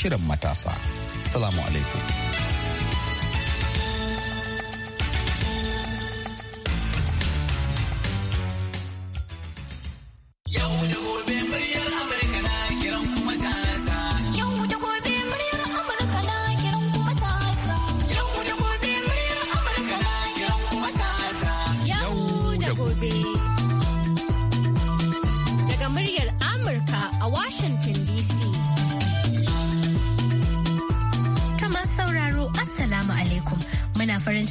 shirin matasa. Salamu alaikum.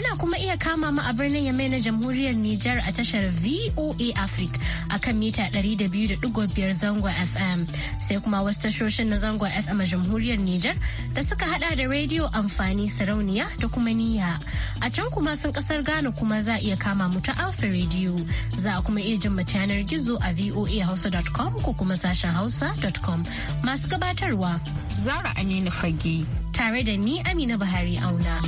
Ana kuma iya kama mu a birnin Yamai na Jamhuriyar Nijar a tashar VOA Africa a kan mita 200.5 zango FM. Sai kuma wasu tashoshin na zango FM a Jamhuriyar Nijar da suka hada da rediyo amfani sarauniya da kuma niyya. A can kuma sun kasar Ghana kuma za a iya kama mu ta Alpha Radio. Za a kuma iya jin mu yanar gizo a voahausa.com ko kuma sashen hausa.com. Masu gabatarwa. Zara Aminu Fage. Tare da ni Amina Buhari Auna.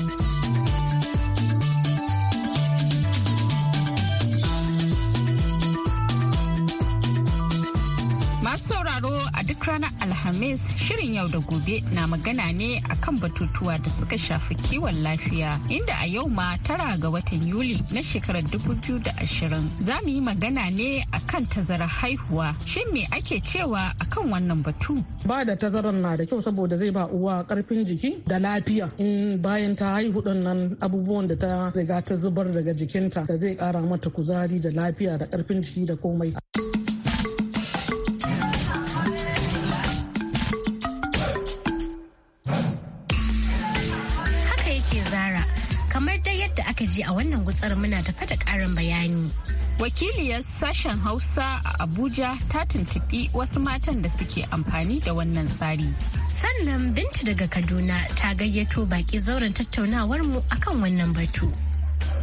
duk ranar Alhamis shirin yau da gobe na magana ne akan batutuwa da suka shafi kiwon lafiya inda a yau ma tara ga watan Yuli na shekarar dubu biyu 2020 za mu yi magana ne akan tazarar haihuwa. Shin me ake cewa akan wannan batu? Ba da tazarar na da kyau saboda zai ba uwa karfin jiki da lafiya in bayan ta haihu nan abubuwan da ta riga ta zubar daga jikinta da zai kara mata kuzari da lafiya da karfin jiki da komai. kuka ji a wannan gutsar muna tafa da ƙarin bayani. Wakiliyar sashen Hausa a Abuja ta tuntuɓi wasu matan da suke amfani da wannan tsari. Sannan Binta daga Kaduna ta gayyato baki zauren tattaunawar mu akan wannan batu.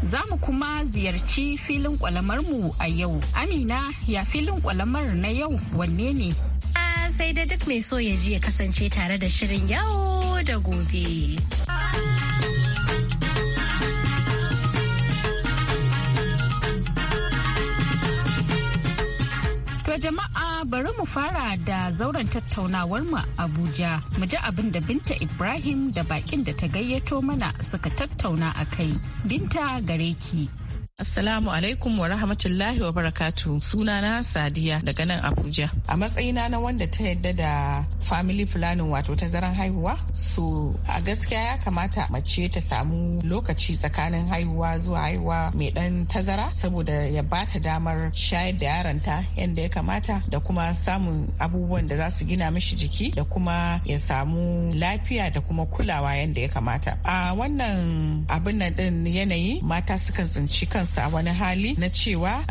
za mu kuma ziyarci filin kwalamar mu a yau. Amina ya filin kwalamar na yau wanne ne? A ah, sai da duk mai so ya ji ya kasance tare da shirin yau da gobe. jama'a bari mu fara da zauren tattaunawar mu Abuja. Mu ji abin da Binta Ibrahim da bakin da ta gayyato mana suka tattauna a kai. Binta gare ki. Assalamu alaikum wa rahmatullahi wa barakatu. Sunana Sadiya daga nan Abuja. A matsayina na wanda ta yadda da family planning wato tazaran haihuwa. So a gaskiya ya kamata mace ta samu lokaci tsakanin haihuwa zuwa haihuwa mai dan tazara saboda ya bata damar shayar da yaranta yadda ya kamata da kuma samun abubuwan da za su gina mishi jiki da kuma ya samu lafiya da kuma kulawa yadda ya kamata. A wannan abin nan din yanayi mata sukan tsinci kansu kansa a wani hali na cewa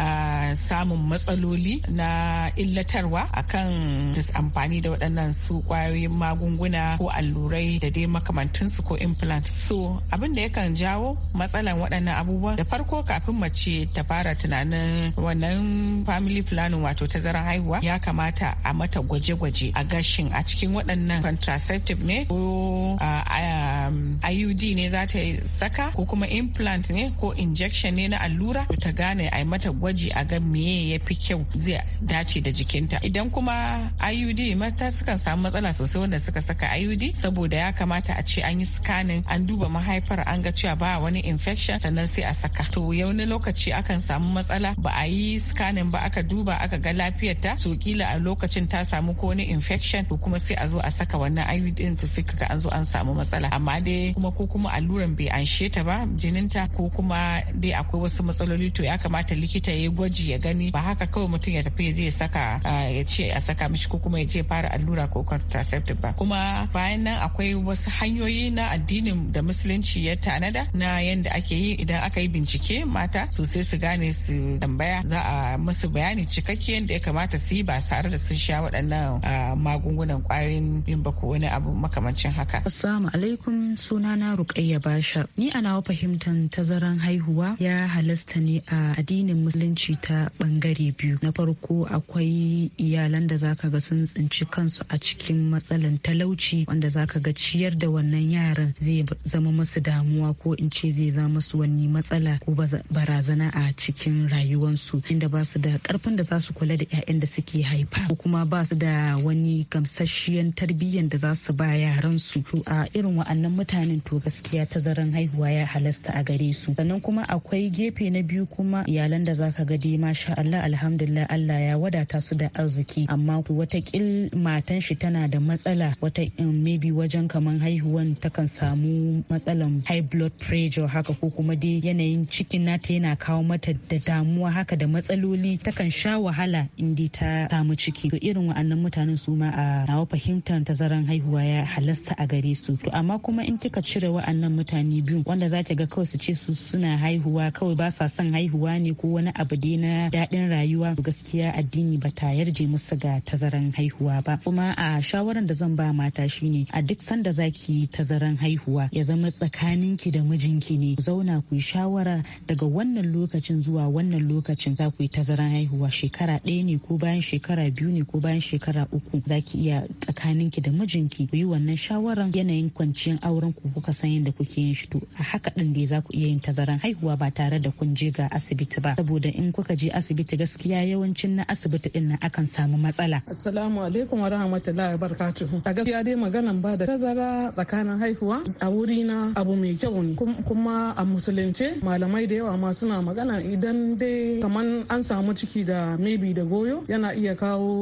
samun matsaloli na illatarwa a kan amfani da waɗannan su kwayoyin magunguna ko allurai da dai makamantansu ko implant so abin da yakan jawo matsalan waɗannan abubuwa da farko kafin mace ta fara tunanin wannan family planning wato ta tazarar haihuwa ya kamata a mata gwaje-gwaje a gashin a cikin waɗannan contraceptive ne ko um, iud ne za ta saka ko kuma implant ne ko injection ne na allura to ta gane a mata gwaji a ga meye ya fi kyau zai dace da jikinta idan kuma IUD mata sukan samu matsala sosai wanda suka saka IUD saboda ya kamata a ce an yi scanning an duba mahaifar an ga cewa ba wani infection sannan sai a saka to yauni lokaci akan samu matsala ba a yi scanning ba aka duba aka ga lafiyarta so kila a lokacin ta samu ko wani infection to kuma sai a zo a saka wannan IUD din to sai kaga an zo an samu matsala amma dai kuma ko kuma alluran bai anshe ta ba jininta ko kuma dai akwai wasu wasu matsaloli to ya kamata likita ya yi gwaji ya gani ba haka kawai mutum ya tafi zai saka ya ce a saka mishi ko kuma ya je fara allura ko contraceptive ba kuma bayan nan akwai wasu hanyoyi na addinin da musulunci ya tanada na yadda ake yi idan aka yi bincike mata sosai su gane su tambaya za a musu bayani cikakke yadda ya kamata su yi ba tare da sun sha waɗannan magungunan kwayoyin yin ba ko wani abu makamancin haka. Assalamu alaikum sunana Rukayya Basha ni ana fahimtar fahimtan tazaran haihuwa ya halatta halasta ne a addinin musulunci ta bangare biyu na farko akwai iyalan da zaka ga sun tsinci kansu a cikin matsalan talauci wanda zaka ga ciyar da wannan yaran zai zama masu damuwa ko in ce zai zama musu wani matsala ko barazana a cikin rayuwansu inda ba su da karfin da za su kula da 'ya'yan da suke haifa ko kuma ba su da wani gamsasshiyan tarbiyyan da za su ba yaran su a irin wa'annan mutanen to gaskiya tazaran haihuwa ya halasta a gare su sannan kuma akwai gefe gefe na biyu kuma iyalan da zaka ga dai masha Allah alhamdulillah Allah ya wadata su da arziki amma kil matan shi tana da matsala wata um, maybe wajen kaman haihuwan kan samu matsalan high blood pressure haka ko kuma dai yanayin cikin nata yana kawo mata da damuwa haka da matsaloli ta kan sha wahala in dai ta samu ciki to irin wa'annan mutanen su ma a nawa fahimtar tazaran haihuwa ya halasta a gare su to amma kuma in kika cire wa'annan mutane biyu wanda zaki ga kawai su ce su suna haihuwa kawai ba sa son haihuwa ne ko wani abu dai na daɗin rayuwa gaskiya addini ba ta yarje musu ga tazaran haihuwa ba kuma a shawaran da zan ba mata shine a duk sanda zaki tazaran haihuwa ya zama tsakaninki da mijinki ne ku zauna ku yi shawara daga wannan lokacin zuwa wannan lokacin za ku yi tazaran haihuwa shekara ɗaya ne ko bayan shekara biyu ne ko bayan shekara uku zaki iya tsakaninki da mijinki ku yi wannan shawaran yanayin kwanciyar auren ku kuka san yadda kuke yin shi to a haka ɗin dai za ku iya yin tazaran haihuwa ba tare da da kun je ga asibiti ba saboda in kuka je asibiti gaskiya yawancin na asibiti din nan akan samu matsala assalamu alaikum wa rahmatullahi wa barakatuhu a gaskiya dai magana ba da tazara tsakanin haihuwa a wuri na abu mai kyau ne kuma a musulunce malamai da yawa ma suna magana idan dai kaman an samu ciki da maybe da goyo yana iya kawo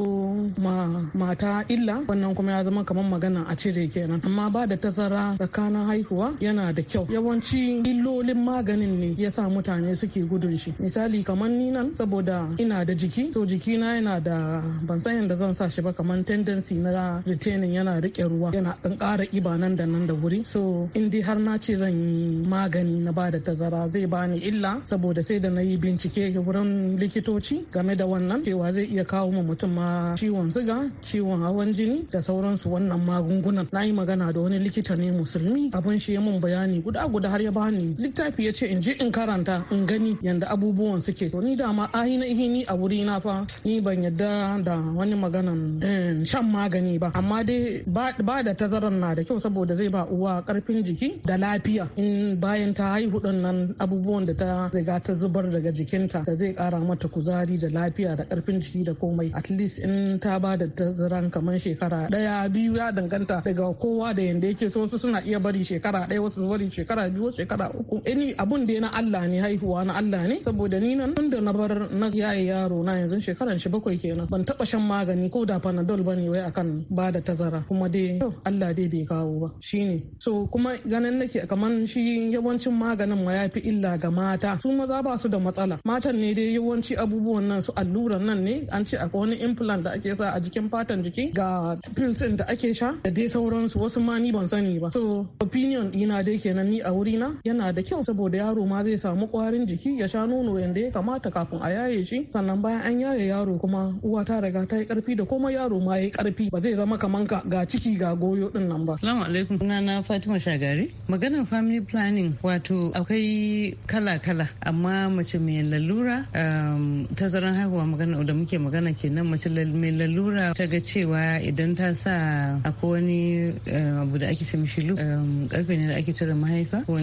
ma mata illa wannan kuma ya zama kaman magana a cire kenan amma ba da tazara tsakanin haihuwa yana da kyau yawanci illolin maganin ne ya sa mutane mutane suke gudun shi misali kamar ni nan saboda ina da jiki to jiki na yana da ban san yadda zan sa shi ba kamar tendency na retaining yana rike ruwa yana dan ƙara ƙiba nan da nan da wuri so in dai har na ce zan yi magani na ba da tazara zai bani illa saboda sai da na yi bincike wurin likitoci game da wannan cewa zai iya kawo ma mutum ma ciwon siga ciwon hawan jini da sauransu wannan magungunan na yi magana da wani likita ne musulmi abun shi ya mun bayani guda guda har ya bani littafi ya ce in je in karanta in gani yanda abubuwan suke to ni dama ainihi ni a wuri na fa ni ban yadda da wani maganan eh, shan magani ba amma dai ba da tazarar na da kyau saboda zai ba uwa karfin jiki da lafiya in bayan ta haihu din nan abubuwan da ta riga ta zubar daga jikinta da zai kara mata kuzari da lafiya da karfin jiki da komai at least in ta ba da tazaran kamar shekara daya biyu ya danganta daga kowa da yanda yake so wasu suna iya bari shekara daya wasu bari shekara biyu shekara uku any abun da na Allah ne haihuwa na Allah ne saboda ni nan tun na bar na yaye yaro na yanzu shekaran shi bakwai kenan ban taba shan magani ko da panadol ne. wai akan ba da tazara kuma dai Allah dai bai kawo ba shine so kuma ganin nake kamar shi yawancin maganin ma yafi illa ga mata su maza ba su da matsala matan ne dai yawanci abubuwan nan su alluran nan ne an ce akwai wani implant da ake sa a jikin fatan jiki ga pills da ake sha da dai sauransu wasu ma ni ban sani ba so opinion dina dai kenan ni a wurina yana da kyau saboda yaro ma zai samu kwa farin jiki ya sha nono yadda ya kamata kafin a yaye shi sannan bayan an yaye yaro kuma uwa ta riga ta yi karfi da komai yaro ma ya karfi ba zai zama kaman ka ga ciki ga goyo din nan ba. Assalamu alaikum na Fatima Shagari maganar family planning wato akwai kala-kala amma mace mai lalura um, tazaran haihuwa magana da muke magana kenan mace mai lalura ta ga cewa idan ta sa akwai wani um, abu da ake ce mishi karfe um, ne da ake cire mahaifa ko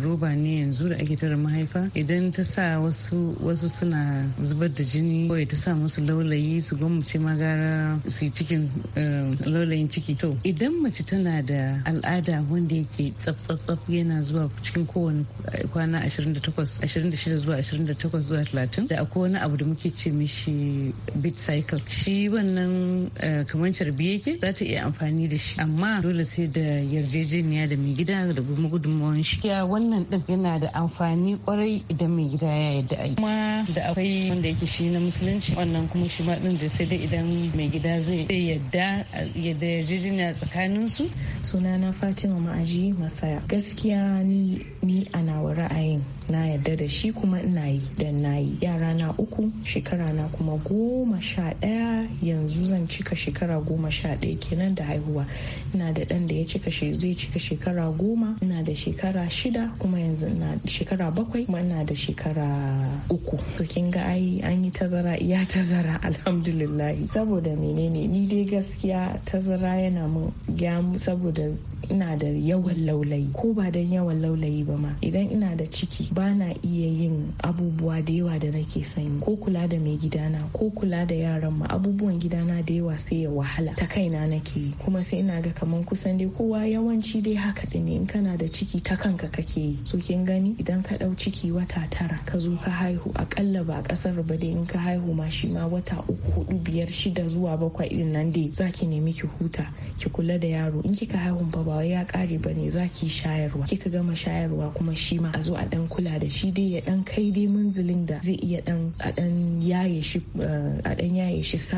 roba ne yanzu da ake cutar mahaifa idan ta sa wasu wasu suna zubar da jini kawai ta sa musu laulayi su gwamnati ma gara su cikin eh, laulayin ciki to idan mace tana da al'ada wanda yake tsaf tsaf tsaf yana zuwa cikin kowane kwana 26 zuwa 28 zuwa 30 da akwai wani abu da muke ce mishi bit cycle shi wannan eh, kamar carbi yake za ta iya amfani da shi amma dole sai da yarjejeniya da mai gida da gudunmawar shi wannan din yana da amfani amfani kwarai idan mai gida ya yarda a kuma da akwai wanda yake shi na musulunci wannan kuma shi din da sai dai idan mai gida zai yarda yadda yarjejeniya tsakanin su na fatima ma'aji masaya gaskiya ni ni ana wa ra'ayin na yadda da shi kuma ina yi da na yi yara na uku shekara na kuma goma sha ɗaya yanzu zan cika shekara goma sha ɗaya kenan da haihuwa ina da ɗan da ya cika zai cika shekara goma ina da shekara shida kuma yanzu ina shekara shekara bakwai mana da shekara uku to kin ga ai an yi tazara iya tazara alhamdulillah saboda menene ni dai gaskiya tazara yana mun gyamu saboda ina da yawan laulayi ko ba don yawan laulayi ba ma idan ina da ciki ba na iya yin abubuwa da yawa da nake son ko kula da mai gidana ko kula da yaran ma abubuwan gidana da yawa sai ya wahala ta kaina nake yi kuma sai ina ga kaman kusan dai kowa yawanci dai haka din ne in kana da ciki ta kanka kake yi so kin gani idan ka dau ciki wata tara ka zo ka haihu akalla ba kasar ba dai in ka haihu ma shi ma wata uku hudu biyar shida zuwa bakwai irin nan dai zaki nemi ki huta ki kula da yaro in kika haihu ba ba ba ya kare ba ne za ki shayarwa kika gama shayarwa kuma shi ma a zo a dan kula da shi dai ya dan kai dai munzulin da zai iya dan a dan yaye shi eh, a dan yaye shi sa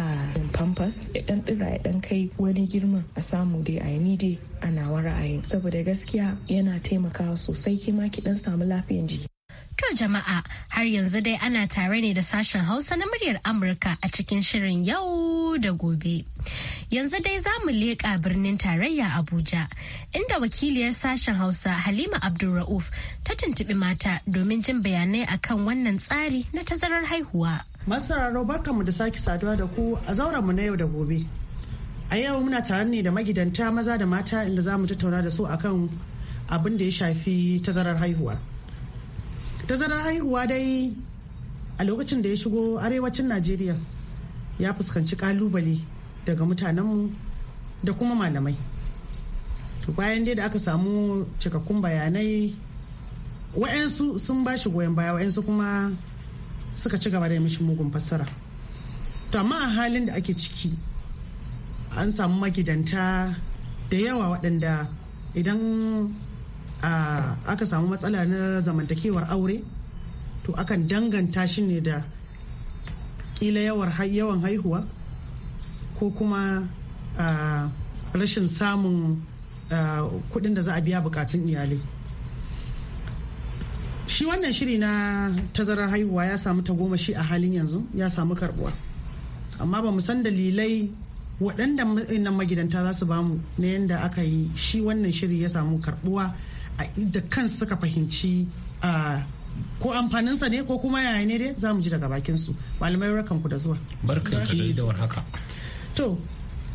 pampers ya dan dira ya dan kai wani girman a samu dai a ni dai a nawa ra'ayin saboda gaskiya yana taimakawa sosai kima ki dan samu lafiyan jiki To jama'a har yanzu dai ana tare ne da sashen Hausa na muryar Amurka a cikin shirin yau da gobe. Yanzu dai za mu leƙa birnin tarayya Abuja inda wakiliyar sashen Hausa Halima Abdulra'uf ta tuntuɓi mata domin jin bayanai akan wannan tsari na tazarar haihuwa. Masararo mu da sake saduwa da ku a mu na yau da gobe. A yau muna tare ne da magidanta maza da mata inda za mu tattauna da su akan abin da ya shafi tazarar haihuwa. tazarar haihuwa dai a lokacin da ya shigo arewacin najeriya ya fuskanci kalubale daga mutanenmu da kuma malamai to bayan dai da aka samu cikakkun bayanai wa'yansu sun ba shi goyon baya wa'ansu kuma suka ci gaba da mishi mugun fassara to amma a halin da ake ciki an samu magidanta da yawa waɗanda idan aka samu matsala na zamantakewar aure to akan danganta shi ne da kila yawan haihuwa ko kuma rashin samun kudin da za a biya bukatun iyalai shi wannan shiri na tazarar haihuwa ya samu tagomashi a halin yanzu ya samu karbuwa amma ba san dalilai waɗanda inan magidanta za su bamu na yadda aka yi shi wannan shiri ya samu karbuwa da kan suka fahimci ko amfaninsa ne ko kuma yaya ne dai za mu ji daga bakin su malamai ku da zuwa barkanki da warhaka to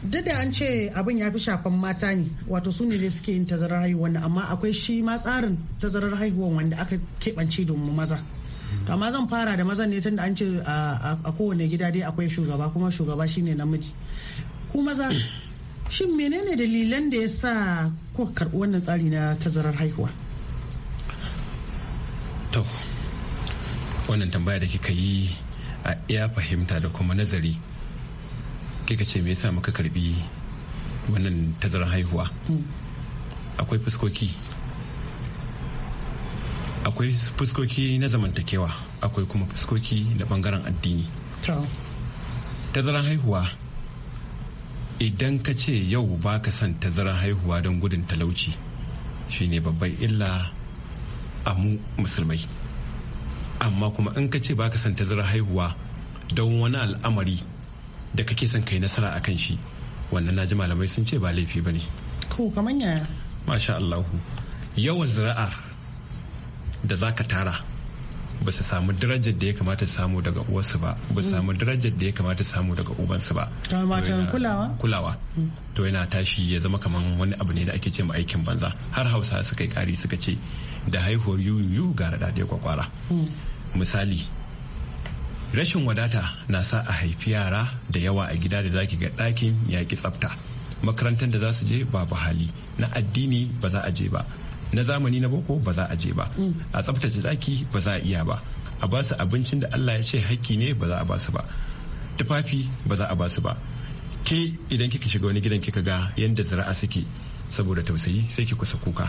duk da an ce abin ya fi shafan mata ne wato su ne suke yin tazarar ne amma akwai shi ma tsarin tazarar haihuwar wanda aka keɓance domin maza amma zan fara da mazan ne tunda da an ce a kowane gida dai akwai shugaba kuma shugaba shine namiji ku maza shin menene dalilan da ya sa kuka karɓi wannan tsari na tazarar haihuwa to wannan tambaya da kika yi a iya fahimta da kuma nazari kika ce me yasa muka karbi wannan tazarar haihuwa hmm. akwai fuskoki akwai fuskoki na zamantakewa akwai kuma fuskoki na bangaren addini tazarar haihuwa idan ka ce yau ba ka son tazarar haihuwa don gudun talauci shine babban illa a mu musulmai amma kuma in ka ce ba ka son tazarar haihuwa don wani al'amari da kake son kai nasara a kan shi wannan naji malamai sun ce ba laifi ba ne kamar yaya masha yawan zira'ar da za ka tara ba su samu darajar da ya kamata samu daga uwarsu ba ba su samu darajar da ya kamata su samu daga ubansu ba kulawa hmm. to yana tashi ya zama kamar wani abu ne da ake ce ma aikin banza har hausa suka yi kari suka ce da haihuwar ga gara da ya kwakwara hmm. misali rashin wadata na sa a haifi yara da yawa a gida da zaki ga ɗakin yaƙi tsafta makarantar da za su je babu hali na addini ba za a je ba na zamani na boko ba za a je ba a tsaftace zaki ba za a iya ba a ba su abincin da Allah ya ce hakki ne ba za a ba su ba tufafi ba za a ba su ba ke idan kika shiga wani gidan kika ga yadda zira'a suke saboda tausayi sai ki kusa kuka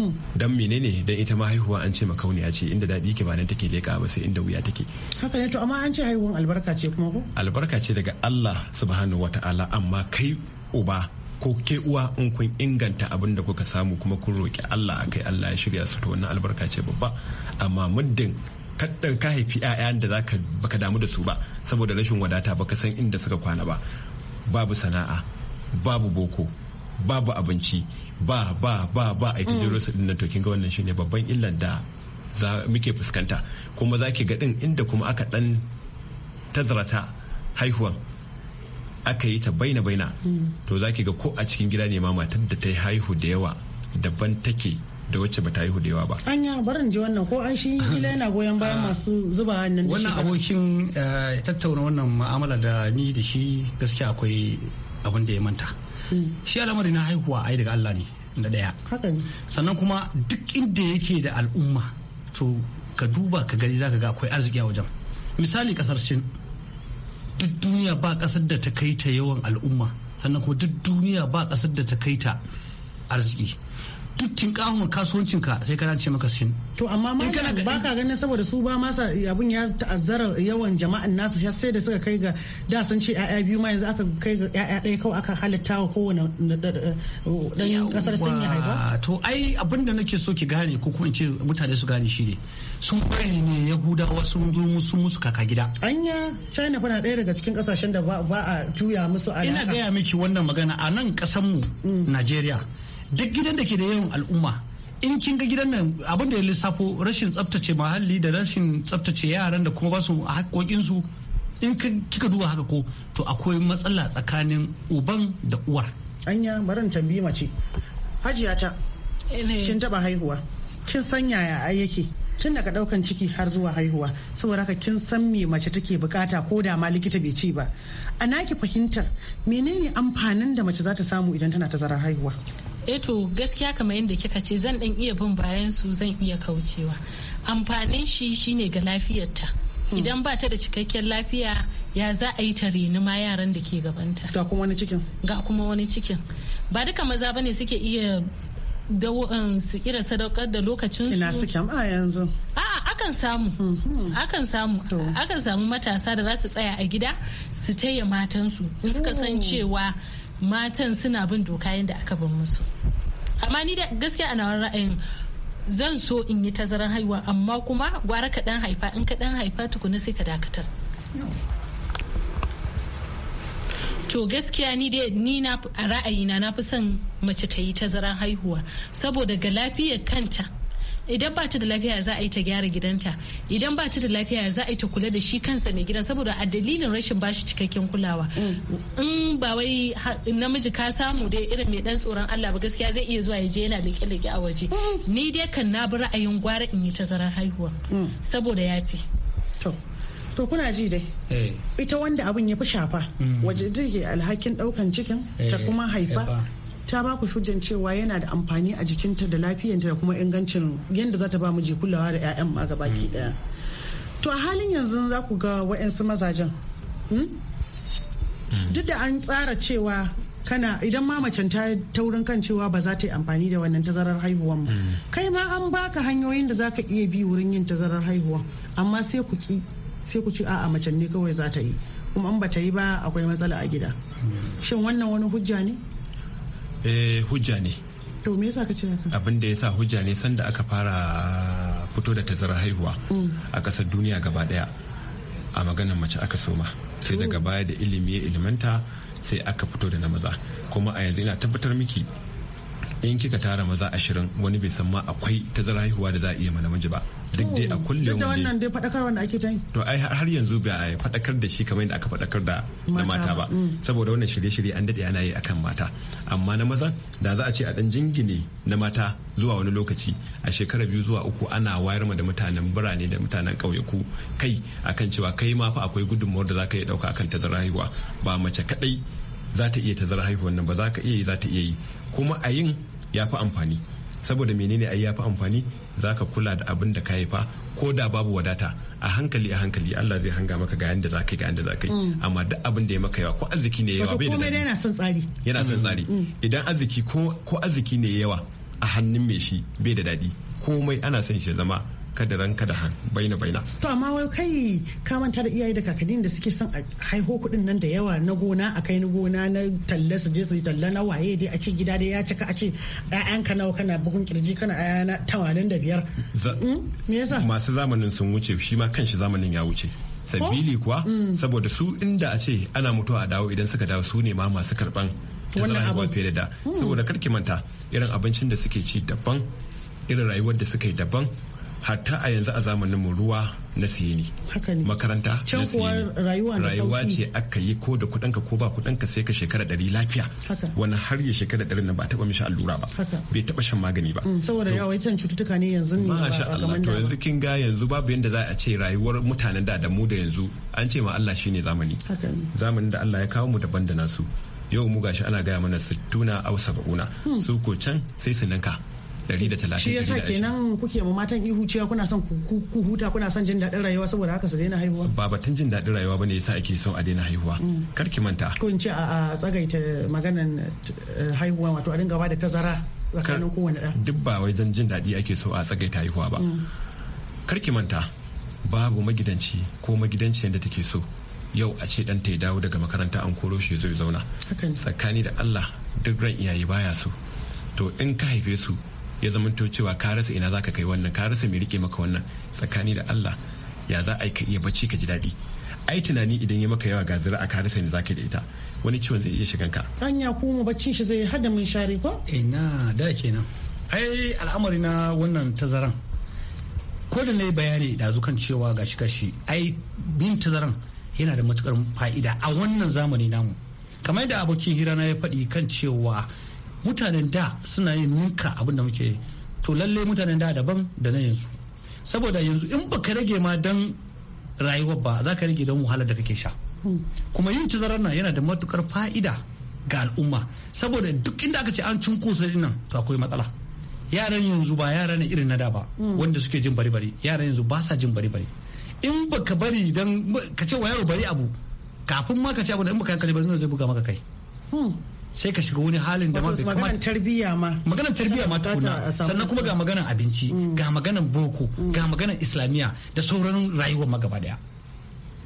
hmm. dan menene dan ita ma haihuwa an ce makauniya ce inda daɗi ke ba nan take leƙa ba sai inda wuya take haka ne to amma an ce haihuwan albarka ce kuma ko albarka ce daga Allah subhanahu wata'ala amma kai uba ko ke uwa in kun inganta abin da kuka samu kuma kun roƙi Allah akai Allah ya shirya su to wannan albarka ce babba amma muddin kaddan ka haifi ƴaƴan da zaka baka damu da su ba saboda rashin wadata baka san inda suka kwana ba babu sana'a babu boko babu abinci ba ba ba ba a ita mm. jiro din dinnan to kinga wannan shine babban illar da za muke fuskanta kuma zaki ga din inda kuma aka dan tazarata haihuwan aka yi ta baina baina mm. to zaki ga ko a cikin gida ne ma matar da ta yi haihu da yawa daban take da wacce ba ta haihu da yawa ba. Anya barin ji wannan ko an shi ila yana goyon bayan masu zuba hannun Wannan abokin eh, tattauna wannan ma'amala da ni da shi gaskiya akwai abin da ya manta. Mm. Shi al'amari na haihuwa ai daga Allah ne da ɗaya. Sannan kuma duk inda yake da al'umma to ka duba ka gani ka ga akwai arziki a wajen. Misali kasar Sin. duk duniya ba kasar da ta kai ta yawan al'umma sannan kuma duk duniya ba kasar da ta kai ta arziki dukkin kahun kasuwancin ka sai kana ce maka sin to amma ma ba baka ganin saboda su ba masa abun ya ta'azzara yawan jama'an nasu sai da suka kai ga da sun ce yaya biyu ma yanzu aka kai ga yaya ɗaya kawai aka halitta wa kowane eh, eh, ɗan kasar sun yi haifa to ai abin da nake so ki gane ko kuma in ce mutane su gane shine sun bari ne yahudawa sun zo musu musu kaka gida anya china fa na ɗaya daga cikin kasashen da ba a juya musu a. ina gaya miki wannan magana a nan kasan mu mm. najeriya duk gidan da ke da yawan al'umma in kin ga gidan nan abin da ya lissafo rashin tsaftace muhalli da rashin tsaftace yaran da kuma basu haƙoƙinsu in kika duba haka ko to akwai matsala tsakanin uban da uwar anya barin tambi mace hajiya ta eh, kin taba haihuwa kin san yaya ai yake tun daga daukan ciki har zuwa haihuwa saboda haka kin san me mace take bukata ko da ma likita bai ce ba a naki fahimtar menene amfanin da mace za ta samu idan tana tazarar haihuwa Eto eh gaskiya kamar yadda kika ce zan dan iya bin bayan su zan iya kaucewa amfanin shi shine ga lafiyarta hmm. idan ba ta da cikakken lafiya ya za a yi ta reni ma yaran da ke gabanta ga kuma wani cikin ga kuma wani cikin ba duka maza bane suke iya da um, su kira sadaukar da lokacin su ina suke a yanzu a'a akan samu hmm, hmm. akan samu akan samu matasa da za su tsaya a gida su taya matansu in suka san oh. cewa matan suna bin doka yadda aka bin musu amma ni da gaskiya ana ra'ayin zan so in yi tazaran haihuwa amma kuma gwara ka dan haifa in ka dan haifa tukuna sai ka dakatar to gaskiya ni dai ni na ra'ayina na fi son mace ta yi tazaran haihuwa saboda ga lafiyar kanta idan ba ta da lafiya za a yi ta gyara gidanta idan ba ta da lafiya za a yi ta kula da shi kansa mai gidan saboda a dalilin rashin bashi cikakken kulawa mm. in ba wai namiji ka samu dai irin mai dan tsoron Allah ba gaskiya zai iya zuwa ya je yana leke leke a waje mm. ni dai kan na bi ra'ayin gwara in yi tazarar haihuwa mm. saboda yafi to to kuna ji dai eh. ita wanda abin ya fi shafa waje take alhakin daukan cikin ta eh, kuma haifa ta ba ku hujjan cewa yana da amfani a jikinta da lafiyanta da kuma ingancin yadda za ta ba miji kulawa da 'ya'yan ma gaba baki daya to a halin yanzu za ku ga wa'yansu mazajen hmm? Hmm. duk da an tsara cewa kana idan ma macen ta taurin kan cewa ba za ta yi amfani da wannan tazarar haihuwan ba hmm. kai ma an baka hanyoyin da za ka iya bi wurin yin tazarar haihuwa amma sai ku ki sai ku ci a'a macen ne kawai za ta yi kuma an ba ta yi ba akwai matsala a gida shin wannan wani hujja ne Eh, hujja ne to me yasa ka abin da yasa hujja ne sanda aka fara fito da tazarar haihuwa mm. a ƙasar duniya gaba daya a maganar mace aka soma sai daga mm. baya da ilimi ya ilimanta sai aka fito da na maza kuma a yanzu ina tabbatar miki in kika tara maza ashirin wani bai san ma akwai tazara haihuwa da za a iya ma namiji ba duk dai a kulle wani wannan dai fadakar wanda ake ta yi to ai har yanzu ba a fadakar da shi kamar yadda aka fadakar da na mata ba mm. saboda wannan shirye-shirye an dade ana yi akan mata amma na maza da za a ce a dan jingine na mata zuwa wani lokaci a shekara biyu zuwa uku ana wayar ma da mutanen birane da mutanen ƙauyaku kai akan cewa kai ma fa akwai gudunmawar da za ka iya ɗauka akan tazara haihuwa ba mace kaɗai za ta iya tazara haihuwa nan ba za ka iya yi za ta iya yi kuma a yin ya fi amfani saboda menene ai ya fi amfani za ka kula da abin da ka haifa ko da babu wadata a hankali a hankali Allah zai hanga maka ga yanda zaka ga yanda zaka yi mm. amma duk abin da ya maka yawa ko arziki ne yawa bai da komai yana son tsari yana son tsari mm. idan arziki ko ko arziki ne yawa a hannun mai shi bai da dadi komai ana son shi zama kadaran han baina baina to amma wai kai ka manta da iyaye da kakannin da suke son a haiho kuɗin nan da yawa na gona a kai na gona na talla su je su talla na waye dai a ce gida dai ya cika a ce ka nawa kana bugun kirji kana aya na tawanin da biyar hmm? me yasa masu zamanin sun wuce shi ma kanshi zamanin ya wuce sabili oh? kuwa hmm. saboda su inda a ce ana mutuwa a dawo idan suka dawo su ne ma masu karban tazarar haihuwa fiye da da hmm. saboda karki manta irin abincin da suke ci daban irin rayuwar da suka yi daban hatta a yanzu a zamanin mu ruwa na siye ne makaranta can kuwa rayuwa rayuwa ce aka yi ko da kudanka ko ba kudanka sai ka shekara ɗari lafiya wani har ya shekara ɗari nan ba taba mishi allura ba bai taba shan magani ba mm, saboda can cututtuka ne yanzu ne masha Allah to yanzu kin ga yanzu babu yanda za a ce rayuwar mutanen da da mu da yanzu an ce ma Allah shine zamani zamanin da Allah ya kawo mu daban da nasu yau mu gashi ana gaya mana sittuna au saba'una hmm. su ko can sai su 130 shi sa kenan kuke mu matan ihu cewa kuna son ku huta kuna son jin daɗin rayuwa saboda haka su daina haihuwa ba batun jin daɗin rayuwa bane yasa ake so a daina haihuwa mm. kar ki manta ko in ce a tsagaita maganan eh, haihuwa wato a dinga ba da tazara tsakanin kowane ɗa duk ba wai zan jin daɗi ake so a tsagaita haihuwa ba mm. kar ki manta babu magidanci ko magidanci yadda take so yau a ce ɗanta ya dawo daga makaranta an koro shi ya zo ya zauna tsakani da Allah duk ran iyaye baya so to in ka haife su ya zamanto cewa ka rasa ina ka kai wannan ka rasa mai rike maka wannan tsakani da Allah ya za a iya bacci ka ji daɗi ai tunani idan ya maka yawa ga zira a ka ne zaka da ita wani ciwon zai iya shiganka ka hanya kuma baccin shi zai hada mun share ko na da kenan ai al'amari na wannan tazaran ko da na yi bayani da kan cewa gashi gashi ai bin tazaran yana da matukar fa'ida a wannan zamani namu kamar da abokin hira na ya faɗi kan cewa mutanen da suna yin ninka abin da muke to lalle mutanen da daban da na yanzu saboda yanzu in baka rage ma dan rayuwar ba za ka rage don wahalar da kake sha kuma yin tazarar nan yana da matukar fa'ida ga al'umma saboda duk inda aka ce an kusa nan to akwai matsala yaran yanzu ba yara ne irin na da ba wanda suke jin bari-bari yaran yanzu ba sa jin bari-bari in baka bari dan ka ce wa yaro bari abu kafin ma ka ce abu da in baka hankali ba zai buga maka kai sai ka shiga wani halin da ma bai maganar tarbiyya ma maganar tarbiyya ma tukuna sannan kuma ga maganar abinci mm. ga maganar boko mm. ga maganar islamiyya da sauran rayuwar magaba gaba daya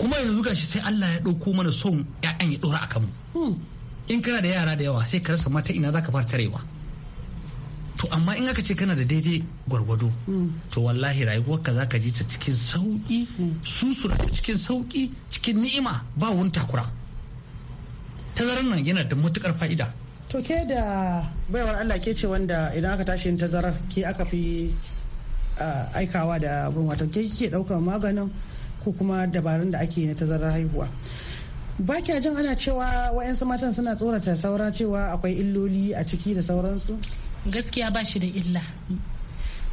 kuma yanzu gashi sai Allah ya ɗauko mana son ya'yan ya ɗora akan mu mm. in kana da yara da yawa sai ka rasa mata ina zaka fara tarewa to amma in aka ce kana da daidai gwargwado to wallahi rayuwarka zaka ji ta cikin sauki susura cikin sauki cikin ni'ima ba wani takura tazarar nan yana da matukar fa'ida to ke da baiwar Allah ke ce wanda idan aka tashi tazarar ke aka fi aikawa da abin wato ke ke daukar maganin ko kuma dabarun da ake na tazarar haihuwa ba kya jin ana cewa wa'yansu matan suna tsorata saura cewa akwai illoli a ciki da sauransu gaskiya ba shi da illa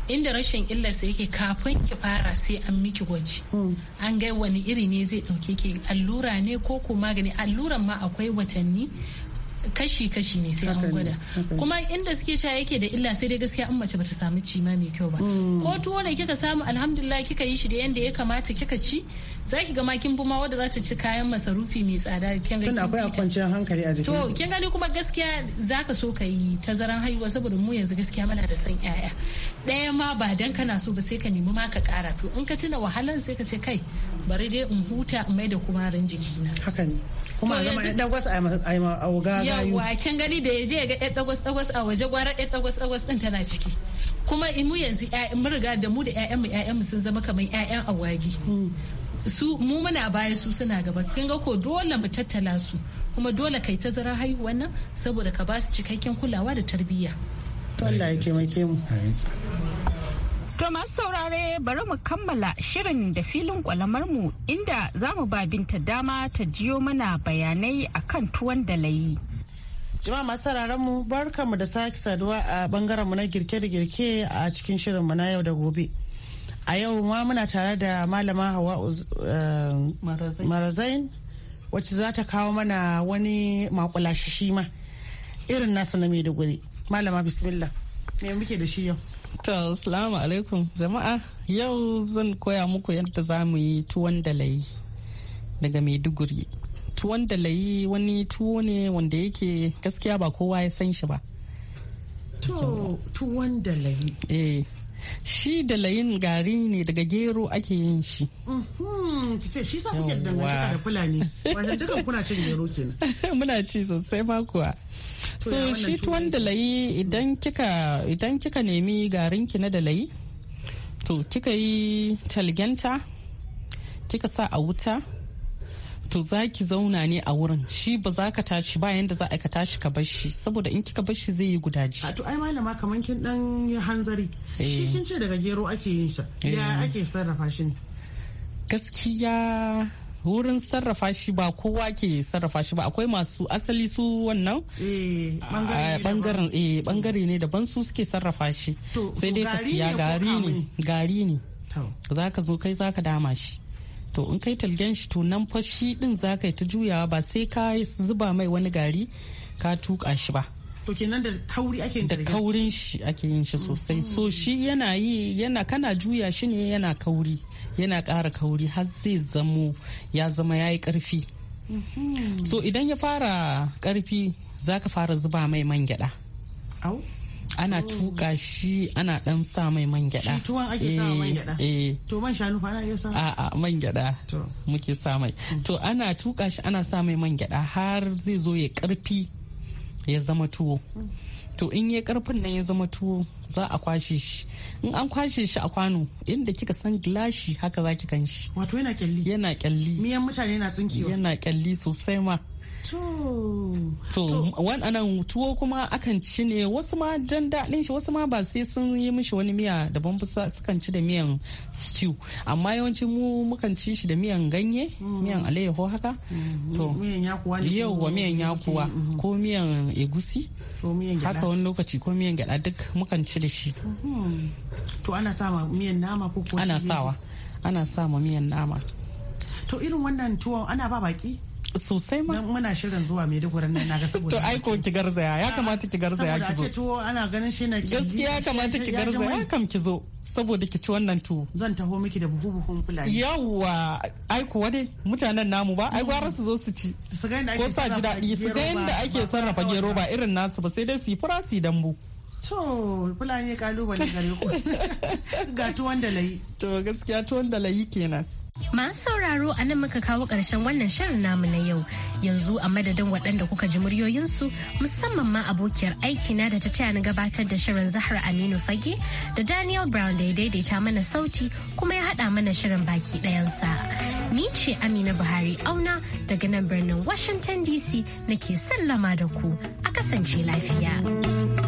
inda rashin illar illarsa yake kafin ki fara sai an miki gwaji hmm. an ga wani iri ne zai dauke ki allura ne ko ko magani alluran ma akwai watanni kashi-kashi ne sai an gwada kuma inda suke cewa yake da illa sai dai gaskiya an mace bata samu cima mai kyau ba mm. ko tuwo ne kika samu alhamdulillah kika yi shi da yanda ya kamata kika ci zaki ga ma kin buma wadda za ta ci kayan masarufi mai tsada kin ga akwai kwanciyar hankali a jikin to kin gani kuma gaskiya za ka so ka yi tazaran haihuwa saboda mu yanzu gaskiya muna da san yaya ɗaya ma ba dan kana so ba sai ka nemi ma ka kara to in ka tuna wahalan sai ka ce kai bari dai in huta in mai da kumarin jikina haka ne kuma zama dan wasu a yi ma auga waken gani da yaje ga ɗan dagwas dagwas a waje gwara ɗan dagwas dagwas din tana ciki kuma mu yanzu mun riga da mu da ƴaƴan mu ƴaƴan mu sun zama kamar ƴaƴan awagi su mu muna baya su suna gaba kin ga ko dole mu tattala su kuma dole kai tazara haihuwa nan saboda ka ba su cikakken kulawa da tarbiyya Allah ya taimake mu To masu saurare bari mu kammala shirin da filin kwalamar mu inda zamu mu ba binta dama ta jiyo mana bayanai akan tuwon da Jama'a masu sauraron mu barkamu da sake saduwa a bangaren mu na girke da girke a cikin shirin mu na yau da gobe. A yau ma muna tare da malama Hawa eh, Marazain wacce za ta kawo mana wani makulashi shi ma irin nasu na Maiduguri. Malama bismillah. Me muke da shi yau? To, salamu alaikum jama'a. Yau zan koya muku yadda za mu yi tuwon dalai daga Maiduguri. tuwon da layi wani tuwo ne wanda yake gaskiya ba kowa ya san shi ba to tuwon da layi eh shi da layin gari ne daga gero ake yin shi. Mm-hmm. ce shi sa kuke dangantaka da Fulani, wanda dukan kuna cin gero kenan. Muna ci sosai ma kuwa. So shi tuwon da layi idan mm. kika idan kika nemi garin ki na da layi, to kika yi talgenta, kika sa a wuta, to za ki zauna ne a wurin shi ba za ka tashi ba yanda za a ka tashi ka bar shi saboda in kika bar shi zai yi gudaji a to ai malama kamar kin dan hanzari shi eh. kin ce daga gero ake yin sa ya eh. ake sarrafa shi gaskiya wurin sarrafa shi ba kowa ke sarrafa shi ba akwai masu asali su wannan eh, bangare ne daban su suke sarrafa shi sai dai ka siya gari ne gari ne za ka zo kai za ka dama shi to in kai talgen shi to nan fashi shi din za ka yi ta juyawa ba sai ka zuba mai wani gari ka tuka shi ba to kenan da kauri ake yin da kaurin shi ake yin shi sosai so mm-hmm. shi yana yi yana kana juya shi ne yana kauri yana ƙara kauri har zai zamo ya zama ya yi ƙarfi mm-hmm. so idan ya fara ƙarfi za ka fara zuba mai man gyaɗa ana tuka shi ana dan sa mai man gyada shi tuwon ake sa mai eh, gyada eh. to man shanu fara ya sa a a man gyada muke sa mai mm. to ana tuka shi ana sa mai man gyada har zai zo ya karfi ya zama tuwo mm. to in ya karfin nan ya zama tuwo za a kwashe shi in an kwashe shi a kwano inda kika san gilashi haka zaki ki kan shi wato yana kyalli yana kyalli miyan mutane na tsinkewa yana kyalli sosai ma To, waɗannan tuwo kuma akan ci ne wasu ma don daɗin shi wasu ma ba sai sun yi mishi wani miya daban sukan ci da miyan stew. Amma yawanci mu mukan ci shi da miyan ganye, mm-hmm. miyan alayyaho haka. Mm-hmm. To, yauwa miyan yakuwa mm-hmm. ko miyan egusi. Haka wani lokaci ko miyan gyaɗa duk mukan ci da shi. To ana sawa miyan nama ko Ana sawa. Ana ma miyan nama. To irin wannan tuwon ana ba baki? sosai ma muna shirin zuwa maiduguri nan na ga saboda to ai ko ki garzaya ya kamata ki garzaya ki zo saboda tuwo ana ganin shi na gaskiya ya kamata ki garzaya kam ki zo saboda ki ci wannan tuwo zan taho miki da buhu buhun fulani yawa ai kuwa wane mutanen namu ba ai gwara su zo su ci ko sa ji daɗi su ga yadda ake sarrafa gero ba irin nasu ba sai dai su yi fura su yi dambu To, fulani ya kalubale gare ku. Ga tuwon da layi. To, gaskiya tuwon da layi kenan. Masu sauraro a nan muka kawo ƙarshen wannan shirin namu na yau. Yanzu a madadin waɗanda kuka ji muryoyinsu musamman ma abokiyar aikina da ta taya ni gabatar da shirin Zahra Aminu Fage da Daniel Brown da ya daidaita mana sauti kuma ya haɗa mana shirin baki ɗayansa. Ni ce Amina Buhari auna daga nan birnin Washington DC nake sallama da ku a kasance lafiya.